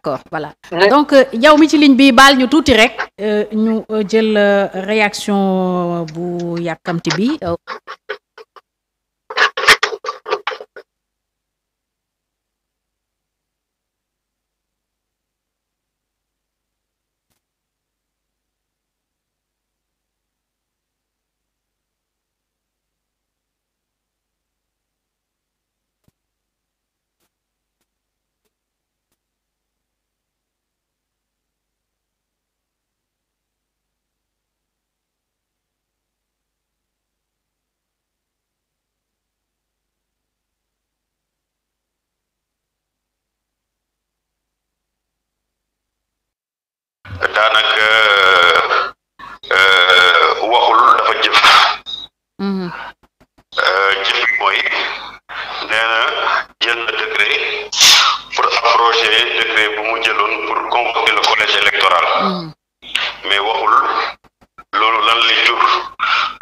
accord voilà donc euh, yow mi ci ligne bi baal ñu tuuti rek euh, ñu euh, jël réaction bu yàkkamti bi daanaka euh, euh, waxul dafa jëf mm-hmm. euh, jëf bi mooy nee na jël na décret pour approcher décret bu mu jëloon pour convoquer collège électoral mm-hmm. mais waxul loolu lan lay jur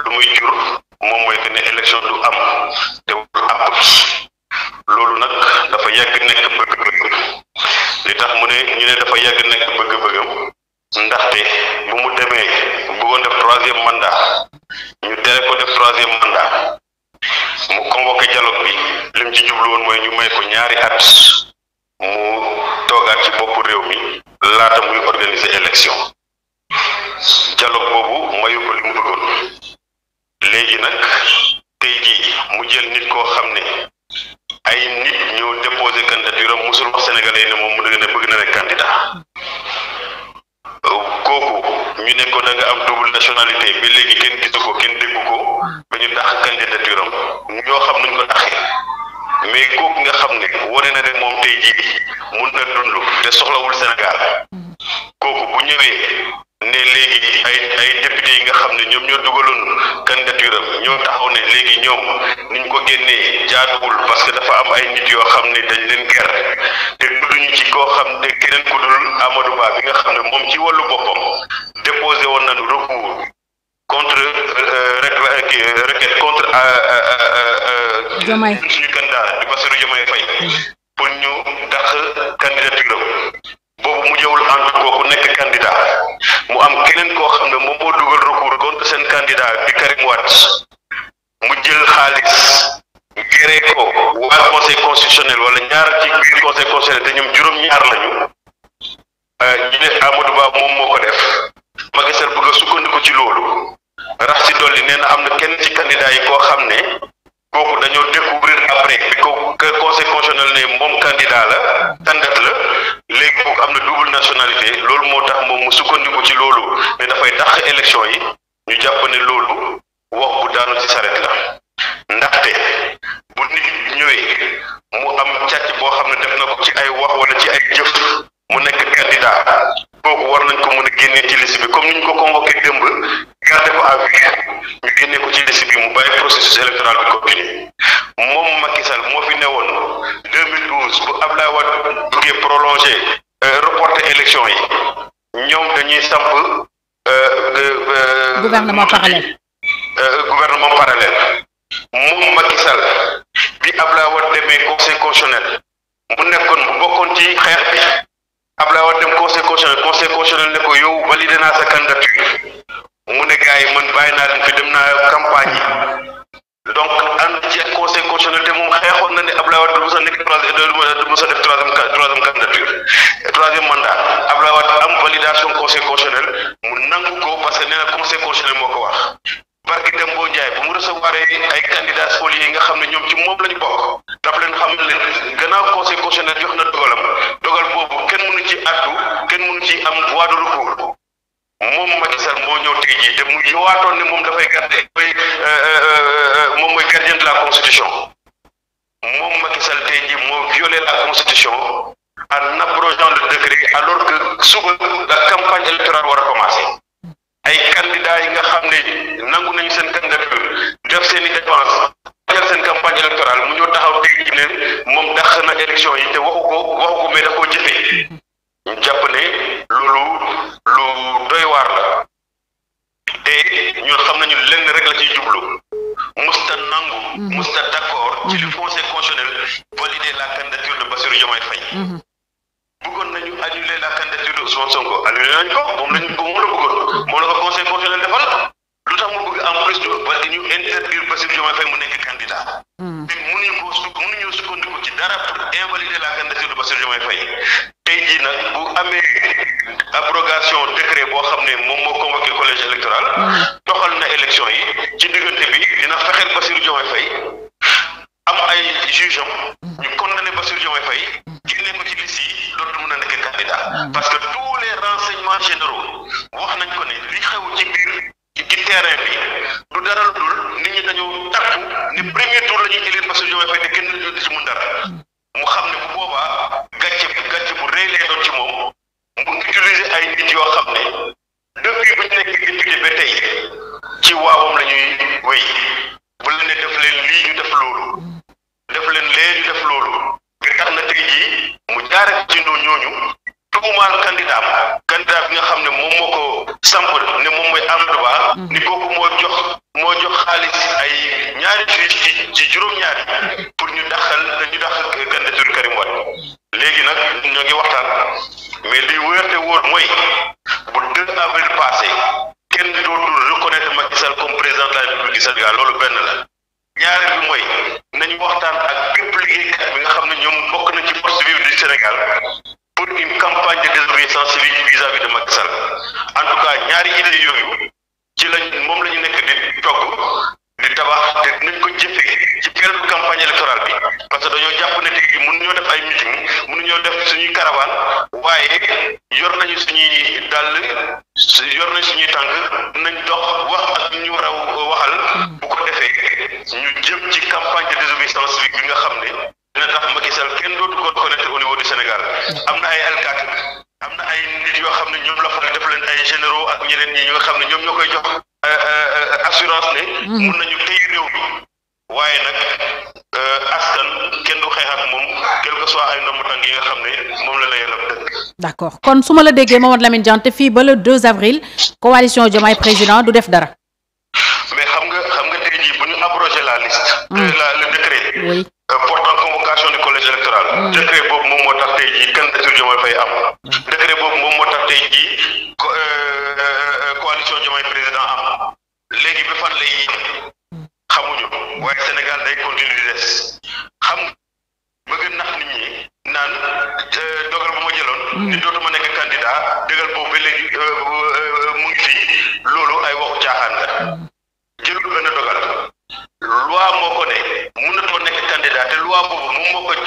lu muy jur moom mooy que ne élection du am te wul àpp loolu nag dafa yàgg nekk bëgg-bëgg li tax mu ne ñu ne dafa yàgg nekk bëgg-bëggam ndaxte bu mu demee bëggoon def troisième mandat ñu tere ko def troisième mandat mu convoqué dialogue bi lim ci jublu woon mooy ñu may ko ñaari at mu toogaat ci bopp réew mi laata muy organiser élection dialogue boobu mayu ko li mu bëggoon léegi nag tey jii mu jël nit koo xam ne ay nit ñoo déposé candidature am musul wax sénégalais ne moom mu dëgg ne bëgg na nekk candidat kooku ñu ne ko da nga am double nationalité bi léegi kenn gisu ko kenn déggu ko ba ñu dàq candidature am ñoo xam nuñ ko dàqee mais kooku nga xam ne wane na ne moom tey jii mun na dund te soxlawul Sénégal mm. kooku bu ñëwee. ne léegi ay ay yi nga xam ne ñoom ñoo dugaloon candidature am ñoo taxaw ne léegi ñoom niñ ko génnee jaaduwul parce que dafa am ay nit yoo xam ne dañ leen ger te tudduñu ci koo xam ne keneen ku dul Amadou Ba bi nga xam ne moom ci wàllu boppam déposé woon nañu recours contre euh, euh, euh, requête contre suñu candidat di Bassirou Diomaye Faye mm-hmm. pour ñu dàq candidat xam ne moom moo dugal recours contre seen candidat di Karim Wade mu jël xaalis géré ko waa conseil constitutionnel wala ñaar ci biir conseil constitutionnel te ñoom juróom-ñaar lañu euh, ñu ne Amadou Ba moom moo ko def Macky Sall bëgg a sukkandiku ci loolu rax ci dolli nee na am na kenn ci candidat yi koo xam ne kooku dañoo découvrir après bi ko conseil constitutionnel ne moom candidat la tàngat la léegi kooku am na double nationalité loolu moo tax moom mu sukkandiku ci loolu élection yi ñu jàpp ne loolu wax bu daanu ci saret la ndaxte bu nit ñëwee mu am càcc boo xam ne def na ko ci ay wax wala ci ay jëf mu nekk candidat kooku war nañ ko mën a génnee ci liste comme ni ñu ko convoqué démb garde ko à vue ñu génnee ko ci liste bi mu bàyyi processus électoral bi continue moom Macky Sall moo fi newoon 2012 bu Abdoulaye Wade duggee prolongé gouvernement parallèle. Euh, gouvernement parallèle moom Macky Sall bi Abdoulaye Wade demee conseil constitutionnel mu nekkoon bu bokkoon ci xeex bi Abdoulaye Wade dem conseil constitutionnel conseil constitutionnel ne yow validé naa sa candidature mu ne gars yi man bàyyi naa leen fi dem naa campagne donc ànd ci ak conseil constitutionnel te moom xeexoon na ne Abdoulaye Wade du mos a nekk troisième du mos a def troisième candidature troisième mandat Abdoulaye Wade am validation conseil constitutionnel mu nangu ko parce que nee na conseil moo ko wax barki dem boo njaay bu mu recevoir ay candidats spoliés yi nga xam ne ñoom ci moom la ñu bokk daf leen xam leen gannaaw conseil constitutionnel jox na dogalam dogal boobu kenn mënu ci addu kenn mënu ci am voie de recours moom Macky Sall moo ñëw tey jii te mu ñëwaatoon ne moom dafay garder dafay euh, euh, euh, moom mooy gardien de la constitution moom Macky Sall tey jii moo violé la constitution en abrogeant le décret alors que suba la campagne électorale war a commencer ay candidats yi nga xam ne nangu nañu seen candidature def seen i dépense def seen campagne électorale mu ñëw taxaw tey jii moom dàq na élection yi te waxu ko waxu ko mais da koo ñu jàpp ne loolu lu doy waar la te ñun xam nañu lenn rek la ciy jublu musta nangu mhm. musta d'accord ci li mhm. conseil constitutionnel valider la candidature de Bassirou Diomaye Faye mhm. bëggoon nañu annuler la candidature de Ousmane ko moom lañu ko moom la bëggoon moom la ko conseil constitutionnel defal lu tax mu bëgg en plus ñu interdire Bassirou Diomaye Faye mu nekk candidat mënuñu koo sukk mënuñoo sukkandiku ci dara pour invalider la candidature de Bassirou Diomaye tey jii nag bu amee abrogation décret boo xam ne moom moo convoqué collège électoral mm. doxal na élection yi ci diggante bi dina fexeel Bassirou Diomaye Faye am ay juge am mm. ñu condamné Bassirou Diomaye Faye mm. génne ko ci liste yi dootul mën a nekk candidat parce que tous les renseignements généraux wax nañ ko ne li xew ci biir ci terrain bi du dara lu nit ñi dañu takku ni premier tour la ñuy jëlee parce que Diomaye Faye ne kenn du ci mun dara mu xam ne mu boobaa gàcce gàcce bu rëy lay doon ci moom mu utiliser ay nit yoo xam ne depuis bu ñu nekk député ba tey ci waawam la ñuy wéy. léegi nag ñoo ngi waxtaan mais li wóor te mooy bu 2 avril passé kenn dootul reconnaître Macky Sall comme président la République Sénégal loolu benn la ñaareel bi mooy nañu waxtaan ak bépp liggéeykat bi nga xam ne ñoom mbokk nañ ci force vive du Sénégal pour une campagne de désobéissance civile vis de Macky Sall en tout cas ñaari idées yooyu ci lañ moom la ñu nekk di togg di tabax parce dañoo jàpp ne léegi mënuñoo def ay meeting mënuñoo def suñuy caravane waaye yor nañu suñuy dàll yor nañu suñuy tànk nañ dox wax ak ñu war a waxal bu ko defee ñu jëm ci campagne de désobéissance civique bi nga xam ne dina tax Macky Sall kenn dootu ko connaître au niveau du Sénégal am na ay alkaat am na ay nit yoo xam ne ñoom la fa def leen ay généro ak ñeneen ñi nga xam ne ñoom ñoo koy jox euh, euh, euh, assurance ne mm-hmm. mun nañu tey réew mi waaye nag Euh, askan kenn du xeex ak moom quel que soit ay ndomb tànk yi nga xam ne moom la la yàlla dëkk. d'accord kon su ma la déggee Mamadou Lamine Diante fii ba le 2 avril coalition Diomaye président du def dara. mais xam nga xam nga tey jii bu ñu abrogé la liste. Hmm. Euh, la le décret. oui euh, portant convocation du collège électoral. Hmm. décret boobu moom moo tax tey jii candidature Diomaye Faye am.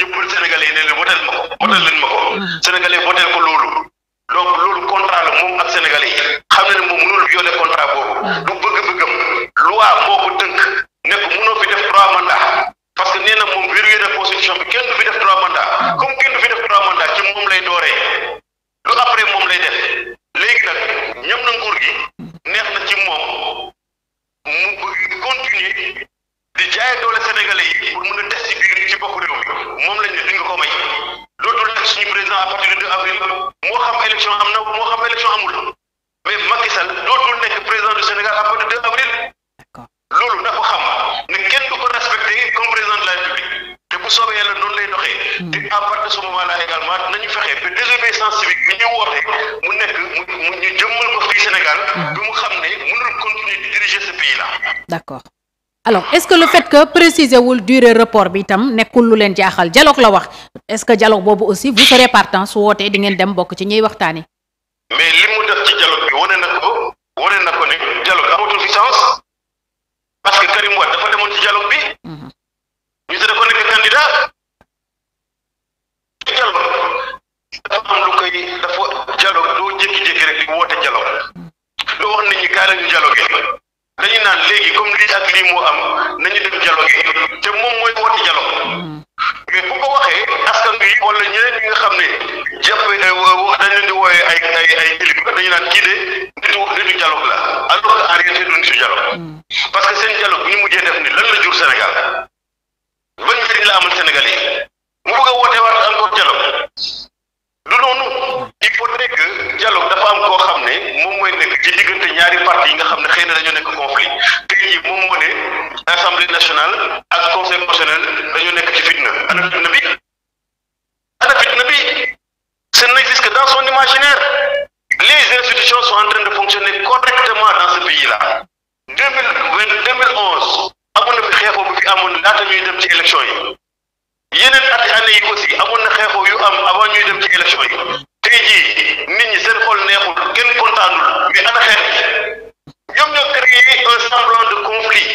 jëppal sénégalais yi ne leen votel ma ko votel leen ma ko sénégalais votel ko loolu à partir de ce moment également nañu fexe ba désobéissance bi ñu woote mu nekk mu ñu jëmmal ko fii Sénégal. Mm. bi mu xam ne mënul continuer di diriger ce pays là. d' accord alors est ce que le fait wul durée report bi itam nekkul lu leen jaaxal jalook la wax est ce que dialogue boobu aussi vous serez partant su wootee di ngeen dem bokk ci ñuy waxtaanee. mais li mu def ci dialogue bi wane na ko wane na ko ne dialogue amatul fi parce que Karim Wade dafa demoon ci dialogue lii moo am nañu dem dialogue yi te moom mooy woote dialogue hmm. mais bu ko waxee askan bi wala ñeneen ñi nga xam ne jàpp eh, dañ leen di wooyee ay ay ay kilifa dañu naan kii de nitu nitu dialogue la alors que en réalité du nitu dialogue hmm. parce que seen dialogue bu ñu mujjee def ni lan la jur Sénégal ban njëriñ la amal Sénégal yi mu bëgg a woote waat encore dialogue faut nekk dialogue dafa am koo xam ne moom mooy nekk ci diggante ñaari parti yi nga xam ne xëy na dañoo nekk conflit tey jii moom moo ne assemblée nationale ak conseil constitutionnel dañoo nekk ci fitna ana fitna bi ana fitna bi ce n'existe que dans son imaginaire les institutions sont en train de fonctionner correctement dans ce pays là deux mille vingt deux mille onze amoon na fi xeexoo bu fi amoon laata ñuy dem ci élection yi yeneen ati année yi aussi amoon na xeexoo yu am avant ñuy dem xol neexul kenn kontaanul mais ana xeex ñoom ñoo créé un semblant de conflit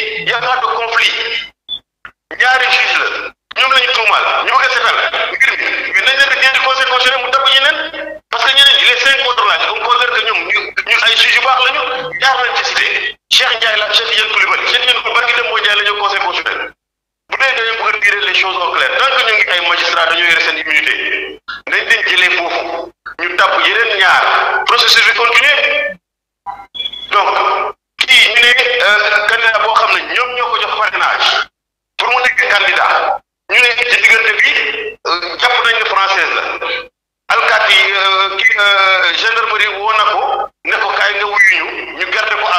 processus bi continuer donc kii ñu ne euh, candidat boo xam ne ñoom ñoo ko jox parrainage pour mu nekk candidat ñu ne ci diggante bi euh, jàpp nañ ne alkaati euh, kii gendarmerie na ko ne ko nga wuyu ñu garde ko à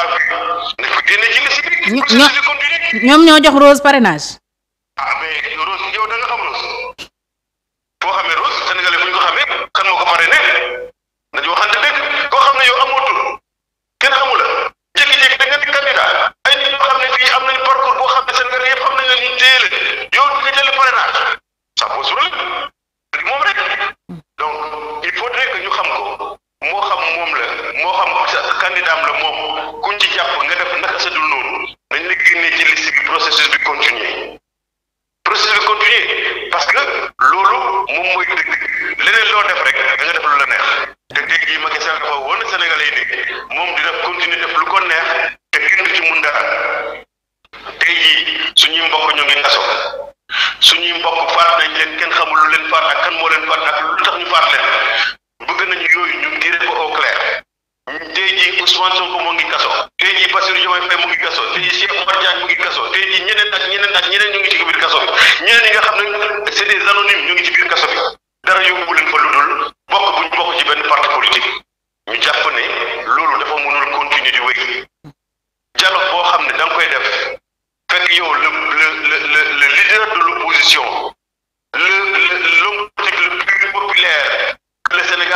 ne ko génne ci liste bi processus bi continuer ñoom ñoo jox Rose parrainage ah mais Rose yow nga xam Rose nekk ne ci bi processus bi continuer processus bi continuer parce que loolu moom mooy dëgg leneen loo def rek da nga def lu la neex te tey jii Macky Sall dafa woon Sénégalais yi ne moom dina continuer def lu ko neex te kenn du ci mun dara tey jii suñuy mbokk ñoo ngi ngaso suñuy mbokk faat nañ leen kenn xamul lu leen faat ak kan moo leen faat ak lu tax ñu faat leen bëgg nañu yooyu ñu tiré ko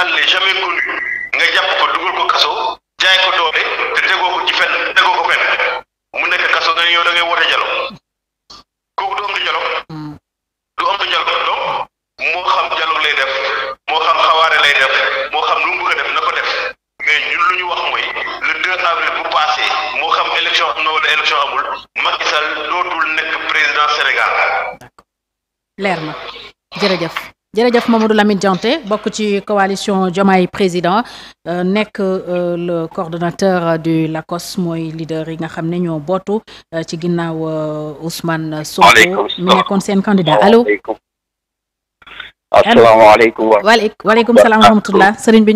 Sénégal n'est jamais nga jàpp ko dugal ko kaso jaay ko doole te tegoo ko ci fenn tegoo ko fenn mu nekk kaso nga ne yow da ngay woote jalo kooku du am du jalo du am du jalo donc moo xam jalo lay def moo xam xawaare lay def moo xam lu mu def na ko def mais ñun lu ñu wax mooy le 2 avril bu passé moo xam élection am na wala élection amul Macky dootul nekk président Sénégal. leer na jërëjëf. jërëjëf Mamadou Lamine Dianté bokk ci coalition Diomaye président euh, nekk euh, le coordonnateur du lakos mooy leader yi nga xam ne ñoo bootu euh, ci ginnaaw Ousmane Sonko mi nekkoon seen candidat allo asalaamaaleykum waaleykum salaam wa rahmatullah sëriñ bi